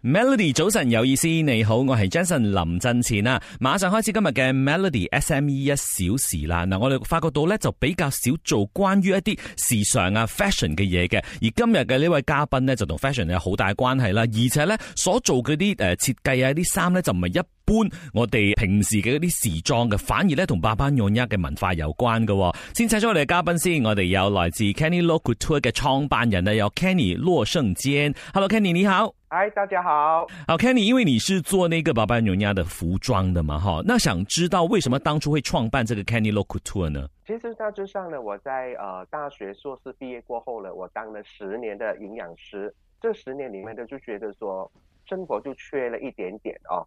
Melody 早晨有意思，你好，我係 Jason 林振前啊，馬上開始今日嘅 Melody SME 一小時啦。嗱，我哋發覺到咧就比較少做關於一啲時尚啊 fashion 嘅嘢嘅，而今日嘅呢位嘉賓咧就同 fashion 有好大關係啦，而且咧所做嗰啲誒設計啊啲衫咧就唔係一。般我哋平時嘅嗰啲時裝嘅，反而咧同峇峇娘惹嘅文化有關嘅。哦，先請出我哋嘅嘉賓先，我哋有來自 Kenny Look Couture 嘅創辦人咧，有 Kenny 洛聖堅。Hello，Kenny 你好。Hi，大家好。好，啊，Kenny，因為你是做那個峇峇娘惹嘅服裝嘅嘛，嗬，那想知道為什麼當初會創辦這個 Kenny Look Couture 呢？其實大致上呢，我在呃大學碩士畢業過後呢，我當了十年嘅營養師。這十年裡面咧，就覺得說生活就缺了一點點啊。哦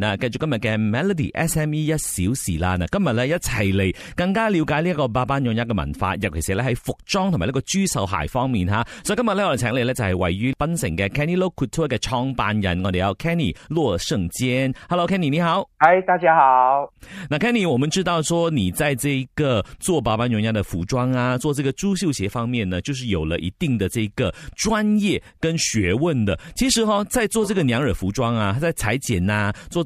嗱，繼續今日嘅 Melody SME 一小時啦，嗱，今日咧一齊嚟更加了解呢一個峇峇娘惹嘅文化，尤其是咧喺服裝同埋呢個珠繡鞋方面吓。所以今日咧我哋請嚟咧就係、是、位於檳城嘅 Kenny Lo Couture 嘅創辦人，我哋有 Kenny 羅勝堅。Hello Kenny 你好，嗨大家好。那 Kenny 我們知道說你在這一個做峇峇娘惹嘅服裝啊，做這個珠繡鞋方面呢，就是有了一定的這一個專業跟學問的。其實哈，在做這個娘惹服裝啊，在裁剪啊，做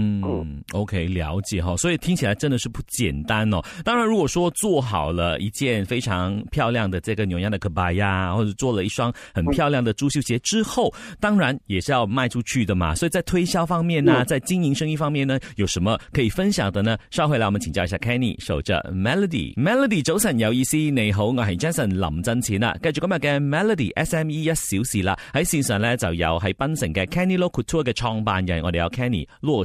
嗯，OK，了解哈，所以聽起來真的是不簡單哦。當然，如果說做好了一件非常漂亮的這個牛羊的可峇雅呀，或者做了一雙很漂亮的珠繡鞋之後，當然也是要賣出去的嘛。所以在推銷方面呢、啊，在經營生意方面呢，有什麼可以分享的呢？稍後回來，我們請教一下 Kenny 守着 Melody。Melody 早晨有意思，你好，我係 Jason 林真錢啦。繼續今日嘅 Melody SME 一小時啦，喺線上呢，就有喺檳城嘅 Kenny Loh Couture 嘅創辦人，我哋有 Kenny 落 o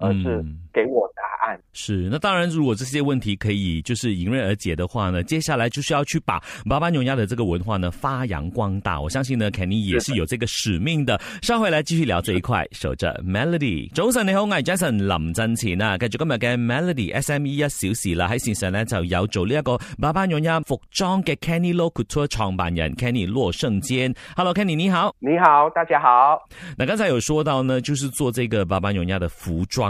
而是給我答案。嗯、是那當然，如果這些問題可以就是迎刃而解的話呢，接下來就是要去把峇峇娘惹的這個文化呢發揚光大。我相信呢，Kenny 也是有這個使命的。上回來繼續聊這一塊，守着 Melody。早晨你好，我是 Jason 林真奇。那繼續今日嘅 Melody SME 一小時啦，喺綫上咧就有做呢一個峇峇娘惹服裝嘅 Kenny Low Couture 創辦人 Kenny 羅勝堅。Hello，Kenny 你好，你好，大家好。那剛才有說到呢，就是做這個峇峇娘惹的服裝。